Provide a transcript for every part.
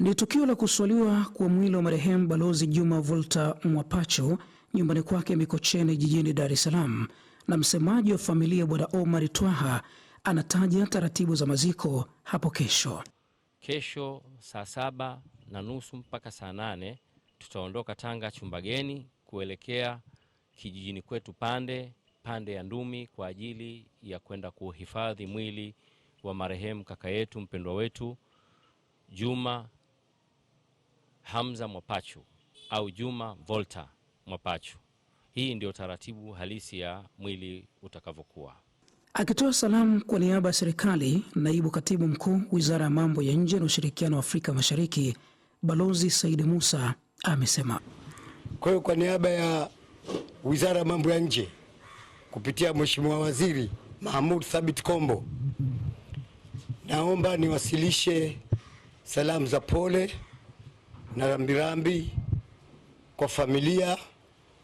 Ni tukio la kuswaliwa kwa mwili wa marehemu Balozi Juma Volta Mwapacho nyumbani kwake Mikocheni jijini Dar es Salaam, na msemaji wa familia Bwana Omar Twaha anataja taratibu za maziko hapo kesho. Kesho saa saba na nusu mpaka saa nane tutaondoka Tanga Chumbageni kuelekea kijijini kwetu Pande, Pande ya Ndumi kwa ajili ya kwenda kuhifadhi mwili wa marehemu kaka yetu mpendwa wetu Juma Hamza Mwapachu au Juma Volta Mwapachu. Hii ndio taratibu halisi ya mwili utakavyokuwa. Akitoa salamu kwa niaba ya serikali, naibu katibu mkuu wizara ya mambo ya nje na ushirikiano wa Afrika Mashariki, Balozi Saidi Musa amesema. Kwa hiyo kwa niaba ya wizara ya mambo ya nje kupitia Mheshimiwa Waziri Mahmud Thabit Kombo, naomba niwasilishe salamu za pole na rambirambi kwa familia,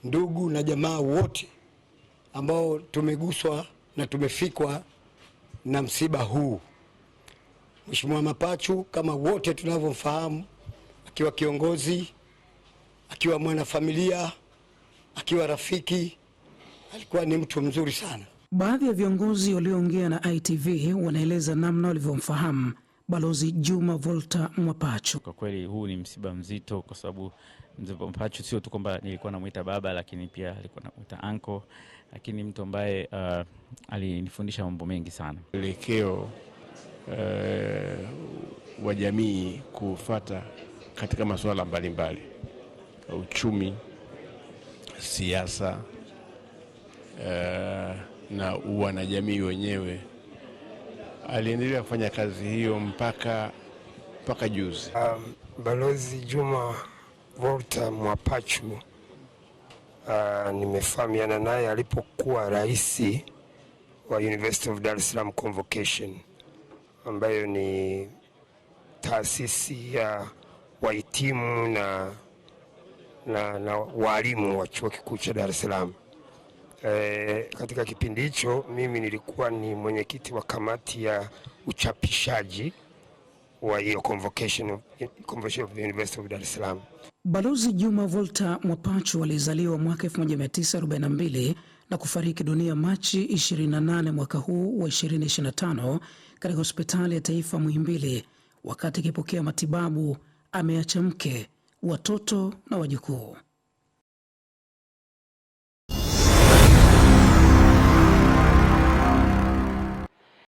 ndugu na jamaa wote ambao tumeguswa na tumefikwa na msiba huu. Mheshimiwa Mapachu kama wote tunavyomfahamu, akiwa kiongozi, akiwa mwanafamilia, akiwa rafiki, alikuwa ni mtu mzuri sana. Baadhi ya viongozi walioongea na ITV wanaeleza namna walivyomfahamu Balozi Juma Volta Mwapachu. Kwa kweli huu ni msiba mzito, kwa sababu mzee sio tu kwamba nilikuwa namwita baba, lakini pia alikuwa namwita anko, lakini mtu ambaye uh, alinifundisha mambo mengi sana, mwelekeo uh, wa jamii kufata katika masuala mbalimbali mbali. Uchumi, siasa uh, na wanajamii wenyewe aliendelea kufanya kazi hiyo mpaka mpaka juzi. Um, Balozi Juma Volta Mwapachu uh, nimefahamiana naye alipokuwa rais wa University of Dar es Salaam Convocation ambayo ni taasisi ya wahitimu na, na, na walimu wa chuo kikuu cha Dar es Salaam eh, katika kipindi hicho mimi nilikuwa ni mwenyekiti wa kamati ya uchapishaji wa hiyo convocation of, convocation of the University of Dar es Salaam. Balozi Juma Volta Mwapachu alizaliwa mwaka 1942 na kufariki dunia Machi 28 mwaka huu wa 2025 katika hospitali ya taifa Muhimbili, wakati akipokea matibabu. Ameacha mke, watoto na wajukuu.